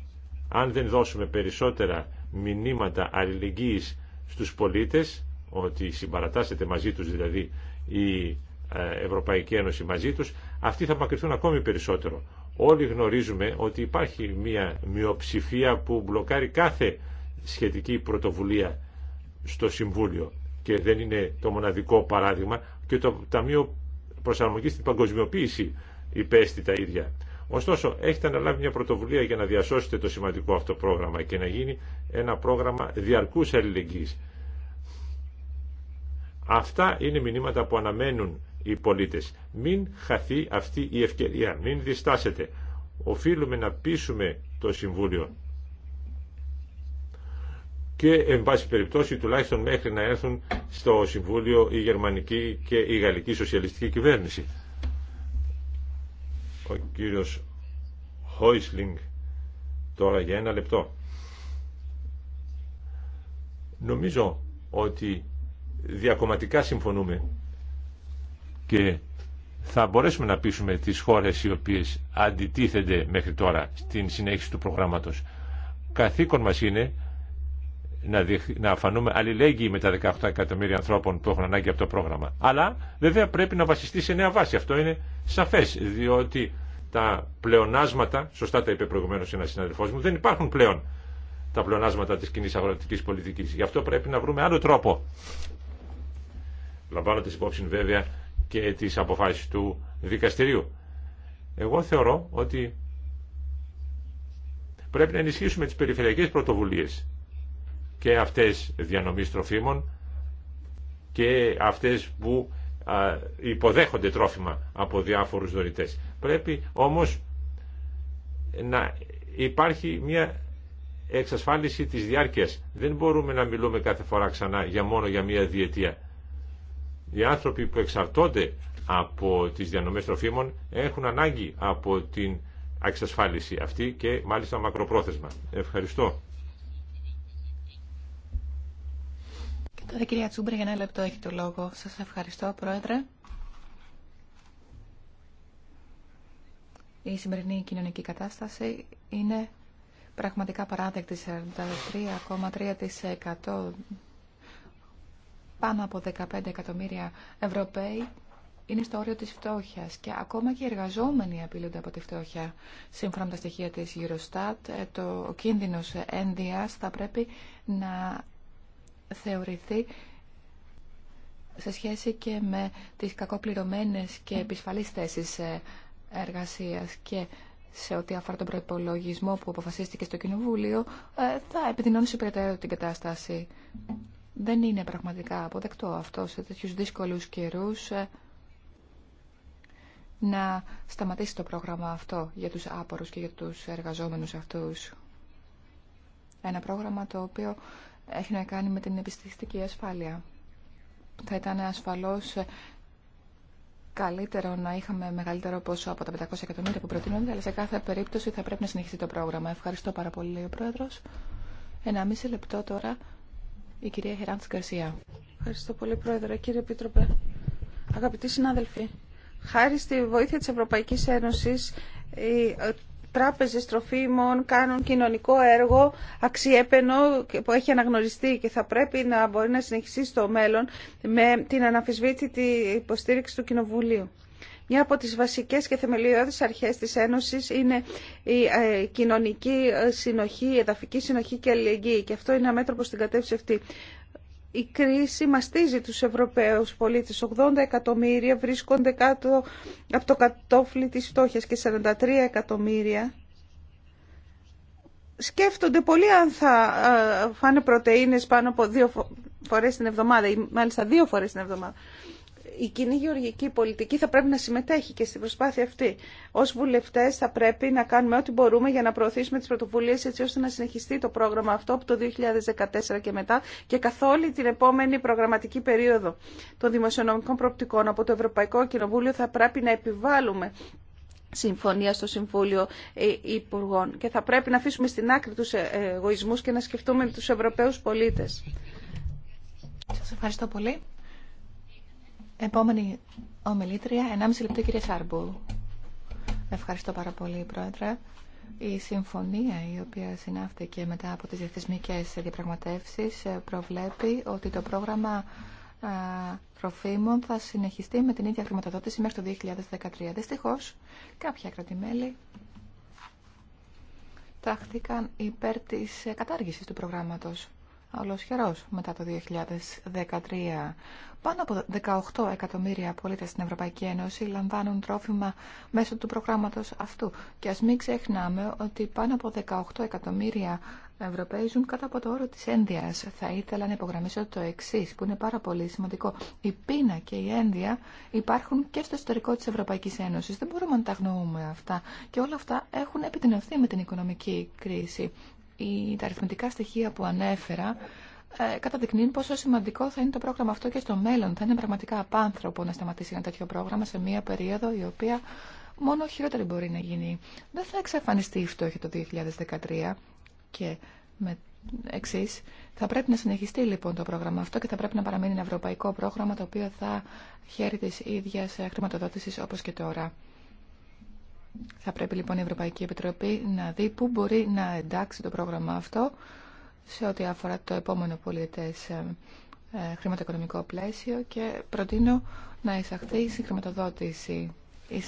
S1: αν δεν δώσουμε περισσότερα μηνύματα αλληλεγγύης στους πολίτες ότι συμπαρατάσσεται μαζί τους δηλαδή η ε, Ευρωπαϊκή Ένωση μαζί τους αυτοί θα μακριθούν ακόμη περισσότερο όλοι γνωρίζουμε ότι υπάρχει μια μειοψηφία που μπλοκάρει κάθε σχετική πρωτοβουλία στο Συμβούλιο και δεν είναι το μοναδικό παράδειγμα και το Ταμείο προσαρμογή στην παγκοσμιοποίηση υπέστη τα ίδια. Ωστόσο, έχετε αναλάβει μια πρωτοβουλία για να διασώσετε το σημαντικό αυτό πρόγραμμα και να γίνει ένα πρόγραμμα διαρκού αλληλεγγύη. Αυτά είναι μηνύματα που αναμένουν οι πολίτε. Μην χαθεί αυτή η ευκαιρία, μην διστάσετε. Οφείλουμε να πείσουμε το Συμβούλιο και εν πάση περιπτώσει τουλάχιστον μέχρι να έρθουν στο Συμβούλιο η γερμανική και η γαλλική σοσιαλιστική κυβέρνηση. Ο κύριος Χόισλινγκ τώρα για ένα λεπτό. Νομίζω ότι διακομματικά συμφωνούμε και θα μπορέσουμε να πείσουμε τις χώρες οι οποίες αντιτίθενται μέχρι τώρα στην συνέχιση του προγράμματος. Καθήκον μας είναι να φανούμε αλληλέγγυοι με τα 18 εκατομμύρια ανθρώπων που έχουν ανάγκη από το πρόγραμμα. Αλλά βέβαια πρέπει να βασιστεί σε νέα βάση. Αυτό είναι σαφέ, διότι τα πλεονάσματα, σωστά τα είπε προηγουμένω ένα συναδελφό μου, δεν υπάρχουν πλέον τα πλεονάσματα τη κοινή αγροτική πολιτική. Γι' αυτό πρέπει να βρούμε άλλο τρόπο. Λαμβάνοντα υπόψη βέβαια και τι αποφάσει του δικαστηρίου. Εγώ θεωρώ ότι πρέπει να ενισχύσουμε τι περιφερειακέ πρωτοβουλίε και αυτές διανομής τροφίμων και αυτές που υποδέχονται τρόφιμα από διάφορους δωρητές. Πρέπει όμως να υπάρχει μια εξασφάλιση της διάρκειας. Δεν μπορούμε να μιλούμε κάθε φορά ξανά για μόνο για μια διετία. Οι άνθρωποι που εξαρτώνται από τις διανομές τροφίμων έχουν ανάγκη από την εξασφάλιση αυτή και μάλιστα μακροπρόθεσμα. Ευχαριστώ.
S3: Τότε κυρία Τσούμπρη για ένα λεπτό έχει το λόγο. Σας ευχαριστώ πρόεδρε. Η σημερινή κοινωνική κατάσταση είναι πραγματικά παράδεκτη 43,3% πάνω από 15 εκατομμύρια Ευρωπαίοι είναι στο όριο της φτώχειας και ακόμα και οι εργαζόμενοι απειλούνται από τη φτώχεια. Σύμφωνα με τα στοιχεία της Eurostat, ε, το, κίνδυνος ένδυας θα πρέπει να θεωρηθεί σε σχέση και με τις κακοπληρωμένες και επισφαλείς θέσεις ε, εργασίας και σε ό,τι αφορά τον προπολογισμό που αποφασίστηκε στο Κοινοβούλιο, ε, θα επιδεινώνει περαιτέρω την κατάσταση. Δεν είναι πραγματικά αποδεκτό αυτό σε τέτοιους δύσκολους καιρού ε, να σταματήσει το πρόγραμμα αυτό για τους άπορους και για τους εργαζόμενους αυτούς. Ένα πρόγραμμα το οποίο έχει να κάνει με την επιστημιστική ασφάλεια. Θα ήταν ασφαλώς καλύτερο να είχαμε μεγαλύτερο ποσό από τα 500 εκατομμύρια που προτείνονται, αλλά σε κάθε περίπτωση θα πρέπει να συνεχιστεί το πρόγραμμα. Ευχαριστώ πάρα πολύ, λέει ο
S2: Πρόεδρος. Ένα μισή λεπτό τώρα η κυρία Χεράντ Γκαρσία. Ευχαριστώ πολύ, Πρόεδρε. Κύριε Επίτροπε, αγαπητοί συνάδελφοι, χάρη στη βοήθεια της Ευρωπαϊκής Ένωσης, τράπεζες τροφίμων κάνουν κοινωνικό έργο αξιέπαινο που έχει αναγνωριστεί και θα πρέπει να μπορεί να συνεχιστεί στο μέλλον με την αναφυσβήτητη υποστήριξη του Κοινοβουλίου. Μια από τις βασικές και θεμελιώδεις αρχές της Ένωσης είναι η ε, κοινωνική συνοχή, η εδαφική συνοχή και αλληλεγγύη. Και αυτό είναι αμέτροπο στην κατεύθυνση αυτή η κρίση μαστίζει τους Ευρωπαίους πολίτες. 80 εκατομμύρια βρίσκονται κάτω από το κατόφλι της φτώχειας και 43 εκατομμύρια σκέφτονται πολύ αν θα φάνε πρωτεΐνες πάνω από δύο φορές την εβδομάδα ή μάλιστα δύο φορές την εβδομάδα η κοινή γεωργική πολιτική θα πρέπει να συμμετέχει και στην προσπάθεια αυτή. Ω βουλευτέ θα πρέπει να κάνουμε ό,τι μπορούμε για να προωθήσουμε τι πρωτοβουλίε έτσι ώστε να συνεχιστεί το πρόγραμμα αυτό από το 2014 και μετά και καθ' όλη την επόμενη προγραμματική περίοδο των δημοσιονομικών προοπτικών από το Ευρωπαϊκό Κοινοβούλιο θα πρέπει να επιβάλλουμε συμφωνία στο Συμβούλιο ε, Υπουργών και θα πρέπει να αφήσουμε στην άκρη τους ε, εγωισμούς και να σκεφτούμε τους Ευρωπαίους πολίτες. Σας ευχαριστώ
S3: πολύ. Επόμενη ομιλήτρια, 1,5 λεπτό κύριε Σάρμπουλ. Ευχαριστώ πάρα πολύ, Πρόεδρε. Η συμφωνία η οποία συνάφθηκε μετά από τις διαθεσμικές διαπραγματεύσεις ε, προβλέπει ότι το πρόγραμμα ε, τροφίμων θα συνεχιστεί με την ίδια χρηματοδότηση μέχρι το 2013. Δυστυχώς, κάποια κρατημέλη τάχθηκαν υπέρ της κατάργησης του προγράμματος ολοσχερός μετά το 2013. Πάνω από 18 εκατομμύρια πολίτες στην Ευρωπαϊκή Ένωση λαμβάνουν τρόφιμα μέσω του προγράμματος αυτού. Και ας μην ξεχνάμε ότι πάνω από 18 εκατομμύρια Ευρωπαίοι ζουν κάτω από το όρο της ένδυας. Θα ήθελα να υπογραμμίσω το εξή, που είναι πάρα πολύ σημαντικό. Η πείνα και η ένδυα υπάρχουν και στο ιστορικό της Ευρωπαϊκής Ένωσης. Δεν μπορούμε να τα γνωρούμε αυτά. Και όλα αυτά έχουν επιτυνευθεί με την οικονομική κρίση η, τα αριθμητικά στοιχεία που ανέφερα ε, καταδεικνύουν πόσο σημαντικό θα είναι το πρόγραμμα αυτό και στο μέλλον. Θα είναι πραγματικά απάνθρωπο να σταματήσει ένα τέτοιο πρόγραμμα σε μία περίοδο η οποία μόνο χειρότερη μπορεί να γίνει. Δεν θα εξαφανιστεί η φτώχεια το 2013 και με εξή. Θα πρέπει να συνεχιστεί λοιπόν το πρόγραμμα αυτό και θα πρέπει να παραμείνει ένα ευρωπαϊκό πρόγραμμα το οποίο θα χαίρει τη ίδια χρηματοδότηση όπω και τώρα. Θα πρέπει λοιπόν η Ευρωπαϊκή Επιτροπή να δει πού μπορεί να εντάξει το πρόγραμμα αυτό σε ό,τι αφορά το επόμενο πολιτές ε, ε, χρηματοοικονομικό πλαίσιο και προτείνω να εισαχθεί η χρηματοδότηση. Οι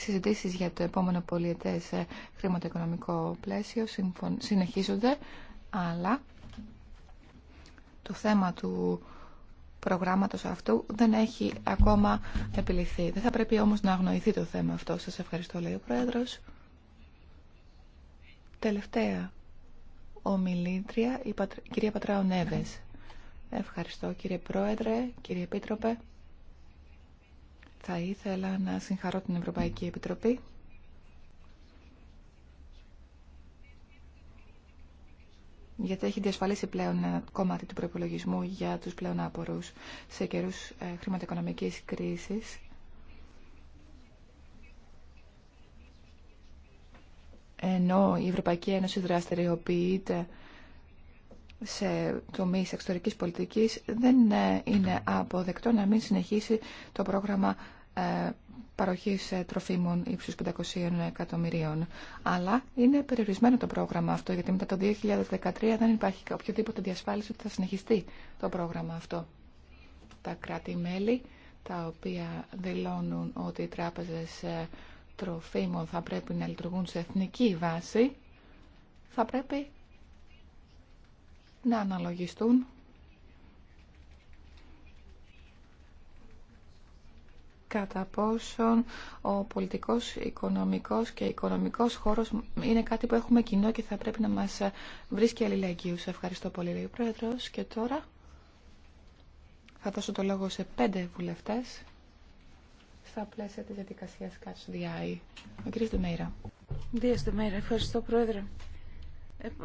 S3: συζητήσεις για το επόμενο πολιετές ε, χρηματοοικονομικό πλαίσιο συνεχίζονται, αλλά το θέμα του προγράμματος αυτού δεν έχει ακόμα επιληθεί. Δεν θα πρέπει όμως να αγνοηθεί το θέμα αυτό. Σας ευχαριστώ, λέει ο Πρόεδρος. Τελευταία ομιλήτρια, η κυρία Πατράου Νέβες. Ευχαριστώ, κύριε Πρόεδρε, κύριε Επίτροπε. Θα ήθελα να συγχαρώ την Ευρωπαϊκή Επιτροπή γιατί έχει διασφαλίσει πλέον ένα ε, κομμάτι του προπολογισμού για τους πλέον άπορους σε καιρούς ε, χρηματοοικονομικής κρίσης. Ενώ η Ευρωπαϊκή Ένωση δραστηριοποιείται σε τομείς εξωτερικής πολιτικής, δεν ε, είναι αποδεκτό να μην συνεχίσει το πρόγραμμα παροχής ε, τροφίμων ύψους 500 εκατομμυρίων. Αλλά είναι περιορισμένο το πρόγραμμα αυτό, γιατί μετά το 2013 δεν υπάρχει οποιοδήποτε διασφάλιση ότι θα συνεχιστεί το πρόγραμμα αυτό. Τα κράτη-μέλη, τα οποία δηλώνουν ότι οι τράπεζες ε, τροφίμων θα πρέπει να λειτουργούν σε εθνική βάση, θα πρέπει να αναλογιστούν κατά πόσον ο πολιτικός, οικονομικός και οικονομικός χώρος είναι κάτι που έχουμε κοινό και θα πρέπει να μας βρίσκει αλληλεγγύους. Ευχαριστώ πολύ, λέει ο Πρόεδρος. Και τώρα θα δώσω το λόγο σε πέντε βουλευτές
S2: στα πλαίσια της διαδικασίας Catch the Ο
S3: κ. Δεμέιρα.
S2: Δίας ευχαριστώ Πρόεδρε.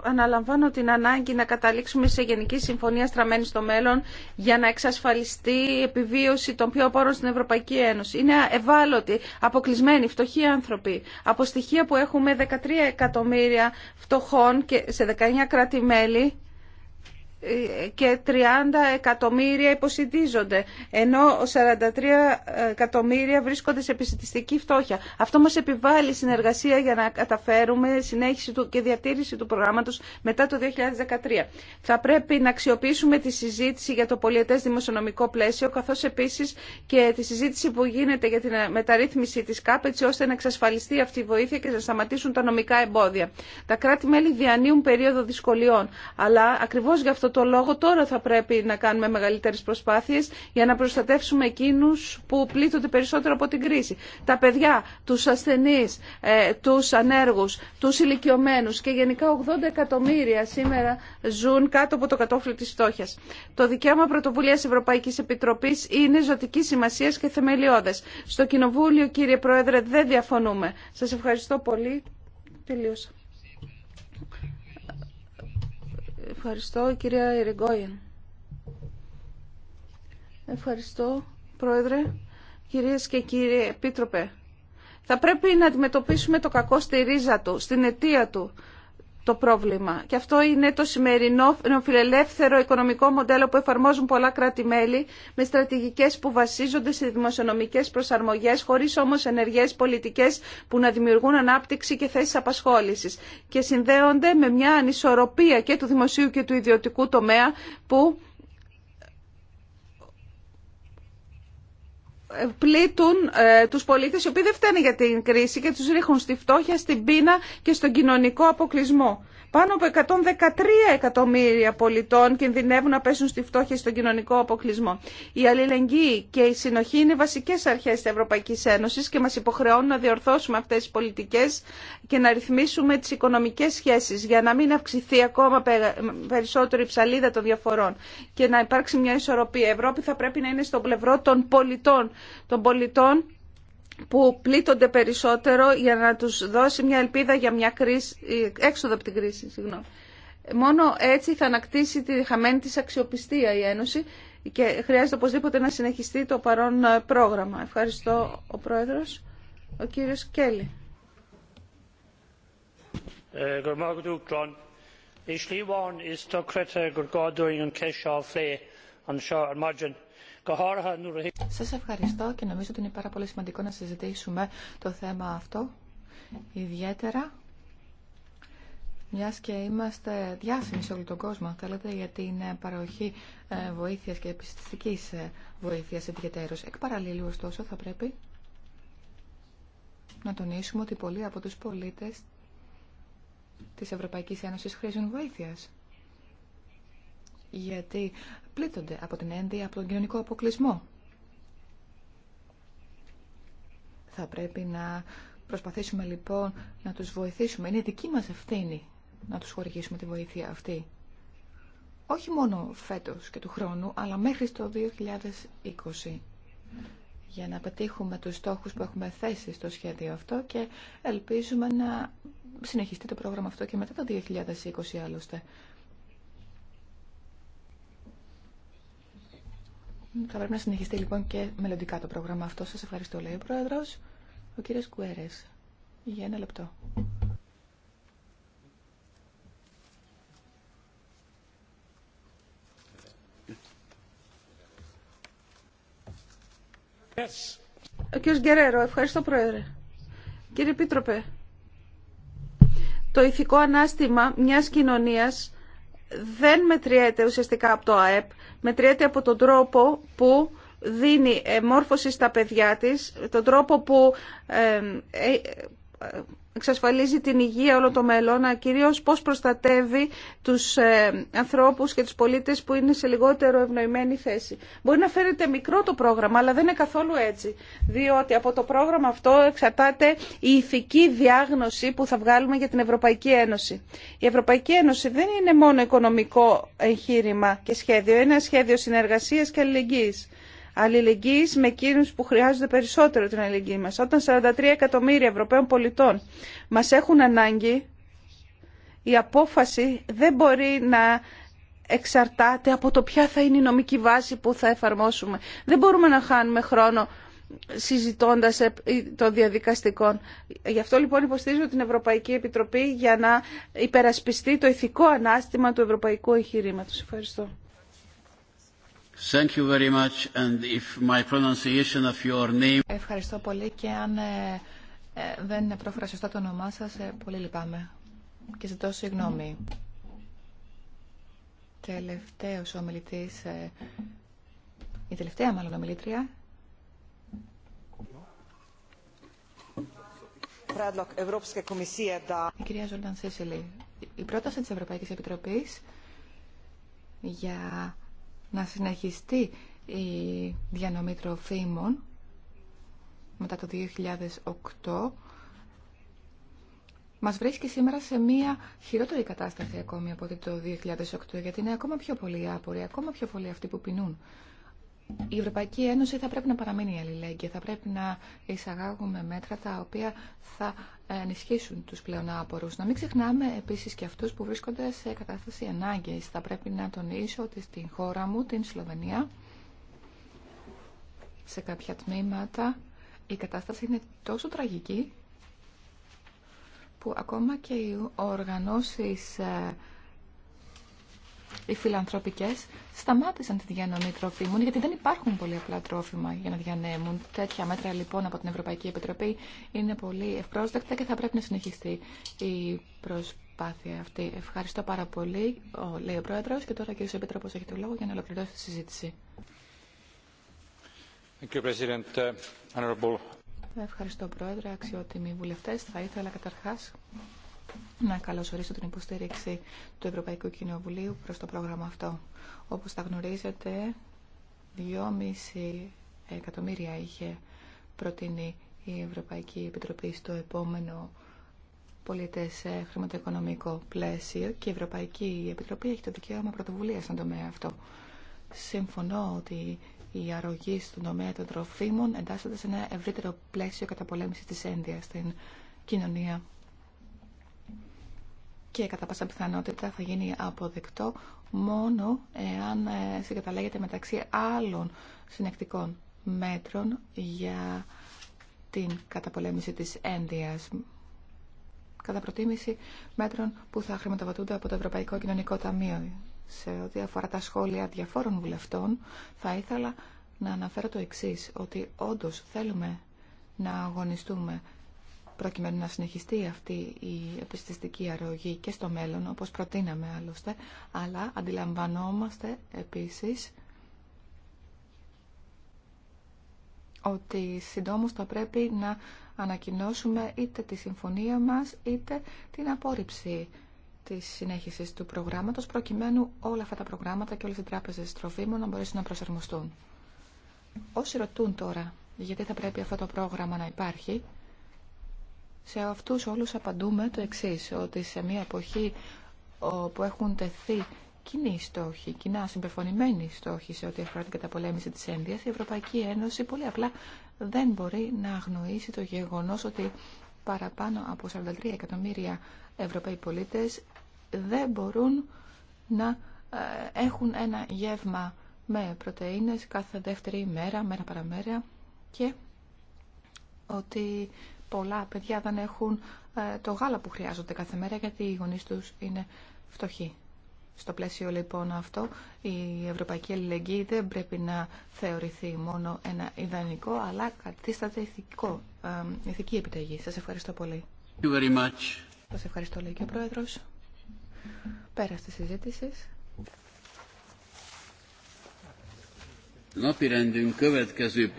S2: Αναλαμβάνω την ανάγκη να καταλήξουμε σε γενική συμφωνία στραμμένη στο μέλλον για να εξασφαλιστεί η επιβίωση των πιο πόρων στην Ευρωπαϊκή Ένωση. Είναι ευάλωτοι, αποκλεισμένοι, φτωχοί άνθρωποι. Από στοιχεία που έχουμε 13 εκατομμύρια φτωχών και σε 19 κράτη-μέλη και 30 εκατομμύρια υποσυντίζονται, ενώ 43 εκατομμύρια βρίσκονται σε επιστημιστική φτώχεια. Αυτό μας επιβάλλει συνεργασία για να καταφέρουμε συνέχιση του και διατήρηση του προγράμματος μετά το 2013. Θα πρέπει να αξιοποιήσουμε τη συζήτηση για το πολιετές δημοσιονομικό πλαίσιο, καθώς επίσης και τη συζήτηση που γίνεται για την μεταρρύθμιση της ΚΑΠ, έτσι ώστε να εξασφαλιστεί αυτή η βοήθεια και να σταματήσουν τα νομικά εμπόδια. Τα κράτη-μέλη διανύουν περίοδο δυσκολιών, αλλά ακριβώς για αυτό το λόγο τώρα θα πρέπει να κάνουμε μεγαλύτερες προσπάθειες για να προστατεύσουμε εκείνους που πλήττονται περισσότερο από την κρίση. Τα παιδιά, τους ασθενείς, ε, τους ανέργους, τους ηλικιωμένους και γενικά 80 εκατομμύρια σήμερα ζουν κάτω από το κατόφλι της φτώχειας. Το δικαίωμα πρωτοβουλίας Ευρωπαϊκής Επιτροπής είναι ζωτική σημασία και θεμελιώδες. Στο Κοινοβούλιο, κύριε Πρόεδρε, δεν διαφωνούμε. Σας ευχαριστώ πολύ. Τελείωσα. Ευχαριστώ, κυρία Ιρεγκόιεν. Ευχαριστώ, Πρόεδρε. Κυρίες και κύριοι, Επίτροπε, θα πρέπει να αντιμετωπίσουμε το κακό στη ρίζα του, στην αιτία του το πρόβλημα. Και αυτό είναι το σημερινό φιλελεύθερο οικονομικό μοντέλο που εφαρμόζουν πολλά κράτη-μέλη με στρατηγικές που βασίζονται σε δημοσιονομικές προσαρμογές χωρίς όμως ενεργέ πολιτικές που να δημιουργούν ανάπτυξη και θέσεις απασχόλησης και συνδέονται με μια ανισορροπία και του δημοσίου και του ιδιωτικού τομέα που πλήττουν ε, τους πολίτες οι οποίοι δεν φταίνουν για την κρίση και τους ρίχνουν στη φτώχεια, στην πείνα και στον κοινωνικό αποκλεισμό. Πάνω από 113 εκατομμύρια πολιτών κινδυνεύουν να πέσουν στη φτώχεια στον κοινωνικό αποκλεισμό. Η αλληλεγγύη και η συνοχή είναι βασικέ αρχέ τη Ευρωπαϊκή Ένωση και μα υποχρεώνουν να διορθώσουμε αυτέ τι πολιτικέ και να ρυθμίσουμε τι οικονομικέ σχέσει για να μην αυξηθεί ακόμα περισσότερο η ψαλίδα των διαφορών και να υπάρξει μια ισορροπία. Η Ευρώπη θα πρέπει να είναι στο πλευρό των πολιτών, των πολιτών που πλήττονται περισσότερο για να τους δώσει μια ελπίδα για μια κρίση, έξοδο από την κρίση. Συγγνώμη. Μόνο έτσι θα ανακτήσει τη χαμένη της αξιοπιστία η Ένωση και χρειάζεται οπωσδήποτε να συνεχιστεί το παρόν πρόγραμμα. Ευχαριστώ ο Πρόεδρος, ο κύριος Κέλλη.
S1: Ε,
S3: σας ευχαριστώ και νομίζω ότι είναι πάρα πολύ σημαντικό να συζητήσουμε το θέμα αυτό, ιδιαίτερα μιας και είμαστε διάσημοι σε όλο τον κόσμο, θέλετε, για την παροχή ε, βοήθειας και επιστημικής ε, βοήθειας ιδιαίτερως. Εκ παραλλήλου, ωστόσο, θα πρέπει να τονίσουμε ότι πολλοί από τους πολίτες της Ευρωπαϊκής Ένωσης χρήζουν βοήθειας γιατί πλήττονται από την ένδυα, από τον κοινωνικό αποκλεισμό. Θα πρέπει να προσπαθήσουμε λοιπόν να τους βοηθήσουμε. Είναι δική μας ευθύνη να τους χορηγήσουμε τη βοήθεια αυτή. Όχι μόνο φέτος και του χρόνου, αλλά μέχρι το 2020 για να πετύχουμε τους στόχους που έχουμε θέσει στο σχέδιο αυτό και ελπίζουμε να συνεχιστεί το πρόγραμμα αυτό και μετά το 2020 άλλωστε. Θα πρέπει να συνεχιστεί λοιπόν και μελλοντικά το πρόγραμμα αυτό. Σας ευχαριστώ, λέει ο Πρόεδρος. Ο κύριος Κουέρες, για ένα λεπτό.
S2: Yes. Ο κύριος Γκερέρο, ευχαριστώ Πρόεδρε. Κύριε Πίτροπε, το ηθικό ανάστημα μιας κοινωνίας δεν μετριέται ουσιαστικά από το ΑΕΠ, μετριέται από τον τρόπο που δίνει μόρφωση στα παιδιά της, τον τρόπο που ε, ε, εξασφαλίζει την υγεία όλο το μέλλον, κυρίως πώς προστατεύει τους ε, ανθρώπους και τους πολίτες που είναι σε λιγότερο ευνοημένη θέση. Μπορεί να φέρετε μικρό το πρόγραμμα, αλλά δεν είναι καθόλου έτσι, διότι από το πρόγραμμα αυτό εξαρτάται η ηθική διάγνωση που θα βγάλουμε για την Ευρωπαϊκή Ένωση. Η Ευρωπαϊκή Ένωση δεν είναι μόνο οικονομικό εγχείρημα και σχέδιο, είναι ένα σχέδιο συνεργασίας και αλληλεγγύης αλληλεγγύης με εκείνου που χρειάζονται περισσότερο την αλληλεγγύη μας. Όταν 43 εκατομμύρια Ευρωπαίων πολιτών μας έχουν ανάγκη, η απόφαση δεν μπορεί να εξαρτάται από το ποια θα είναι η νομική βάση που θα εφαρμόσουμε. Δεν μπορούμε να χάνουμε χρόνο συζητώντας το διαδικαστικό. Γι' αυτό λοιπόν υποστήριζω την Ευρωπαϊκή Επιτροπή για να υπερασπιστεί το ηθικό ανάστημα του ευρωπαϊκού εγχειρήματος. Ευχαριστώ. Ευχαριστώ πολύ και αν ε, ε,
S3: δεν πρόφερα σωστά το όνομά σας, ε, πολύ λυπάμαι και ζητώ συγγνώμη. Mm. Τελευταίος ομιλητής, ε, η τελευταία μάλλον ομιλήτρια. Η κυρία Ζολταν Σίσιλη, η πρόταση της Ευρωπαϊκής Επιτροπής για να συνεχιστεί η διανομή τροφίμων μετά το 2008 μας βρίσκει σήμερα σε μια χειρότερη κατάσταση ακόμη από το 2008 γιατί είναι ακόμα πιο πολλοί άποροι, ακόμα πιο πολλοί αυτοί που πεινούν η Ευρωπαϊκή Ένωση θα πρέπει να παραμείνει αλληλέγγυη θα πρέπει να εισαγάγουμε μέτρα τα οποία θα ενισχύσουν τους πλέον Να μην ξεχνάμε επίσης και αυτούς που βρίσκονται σε κατάσταση ανάγκης. Θα πρέπει να τονίσω ότι στην χώρα μου, την Σλοβενία, σε κάποια τμήματα η κατάσταση είναι τόσο τραγική που ακόμα και οι οργανώσεις ε, οι φιλανθρωπικές σταμάτησαν τη διανομή τροφίμων γιατί δεν υπάρχουν πολύ απλά τρόφιμα για να διανέμουν. Τέτοια μέτρα λοιπόν από την Ευρωπαϊκή Επιτροπή είναι πολύ ευπρόσδεκτα και θα πρέπει να συνεχιστεί η προσπάθεια αυτή. Ευχαριστώ πάρα πολύ, ο, λέει ο πρόεδρο, και τώρα ο κ. έχει το λόγο για να ολοκληρώσει τη συζήτηση.
S1: Uh,
S3: Ευχαριστώ Πρόεδρε, αξιότιμοι βουλευτέ. Θα ήθελα καταρχά να καλωσορίσω την υποστήριξη του Ευρωπαϊκού Κοινοβουλίου προς το πρόγραμμα αυτό. Όπως τα γνωρίζετε, 2,5 εκατομμύρια είχε προτείνει η Ευρωπαϊκή Επιτροπή στο επόμενο πολίτες ε, χρηματοοικονομικό πλαίσιο και η Ευρωπαϊκή Επιτροπή έχει το δικαίωμα πρωτοβουλία στον τομέα αυτό. Συμφωνώ ότι η αρρωγή στον τομέα των τροφίμων εντάσσεται σε ένα ευρύτερο πλαίσιο καταπολέμησης της ένδυα στην κοινωνία και κατά πάσα πιθανότητα θα γίνει αποδεκτό μόνο εάν ε, συγκαταλέγεται μεταξύ άλλων συνεκτικών μέτρων για την καταπολέμηση της ένδυας κατά προτίμηση μέτρων που θα χρηματοδοτούνται από το Ευρωπαϊκό Κοινωνικό Ταμείο. Σε ό,τι αφορά τα σχόλια διαφόρων βουλευτών, θα ήθελα να αναφέρω το εξής, ότι όντως θέλουμε να αγωνιστούμε προκειμένου να συνεχιστεί αυτή η επιστηστική αρρωγή και στο μέλλον, όπως προτείναμε άλλωστε, αλλά αντιλαμβανόμαστε επίσης ότι συντόμως θα πρέπει να ανακοινώσουμε είτε τη συμφωνία μας είτε την απόρριψη της συνέχισης του προγράμματος προκειμένου όλα αυτά τα προγράμματα και όλες οι τράπεζες τροφίμων να μπορέσουν να προσαρμοστούν. Όσοι ρωτούν τώρα γιατί θα πρέπει αυτό το πρόγραμμα να υπάρχει, σε αυτούς όλους απαντούμε το εξής, ότι σε μια εποχή που έχουν τεθεί κοινοί στόχοι, κοινά συμπεφωνημένοι στόχοι σε ό,τι αφορά την καταπολέμηση της ένδυας, η Ευρωπαϊκή Ένωση πολύ απλά δεν μπορεί να αγνοήσει το γεγονός ότι παραπάνω από 43 εκατομμύρια Ευρωπαίοι πολίτες δεν μπορούν να ε, έχουν ένα γεύμα με πρωτεΐνες κάθε δεύτερη μέρα, μέρα παραμέρα και ότι πολλά παιδιά δεν έχουν ε, το γάλα που χρειάζονται κάθε μέρα γιατί οι γονείς τους είναι φτωχοί. Στο πλαίσιο λοιπόν αυτό η ευρωπαϊκή αλληλεγγύη δεν πρέπει να θεωρηθεί μόνο ένα ιδανικό αλλά καθίσταται ηθική επιταγή. Σας ευχαριστώ πολύ. Σας ευχαριστώ λέει και ο Πρόεδρος. Πέρα στη συζήτηση.
S2: következő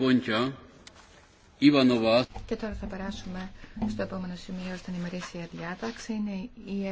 S3: και τώρα θα περάσουμε στο επόμενο σημείο στην ημερήσια διάταξη. Είναι η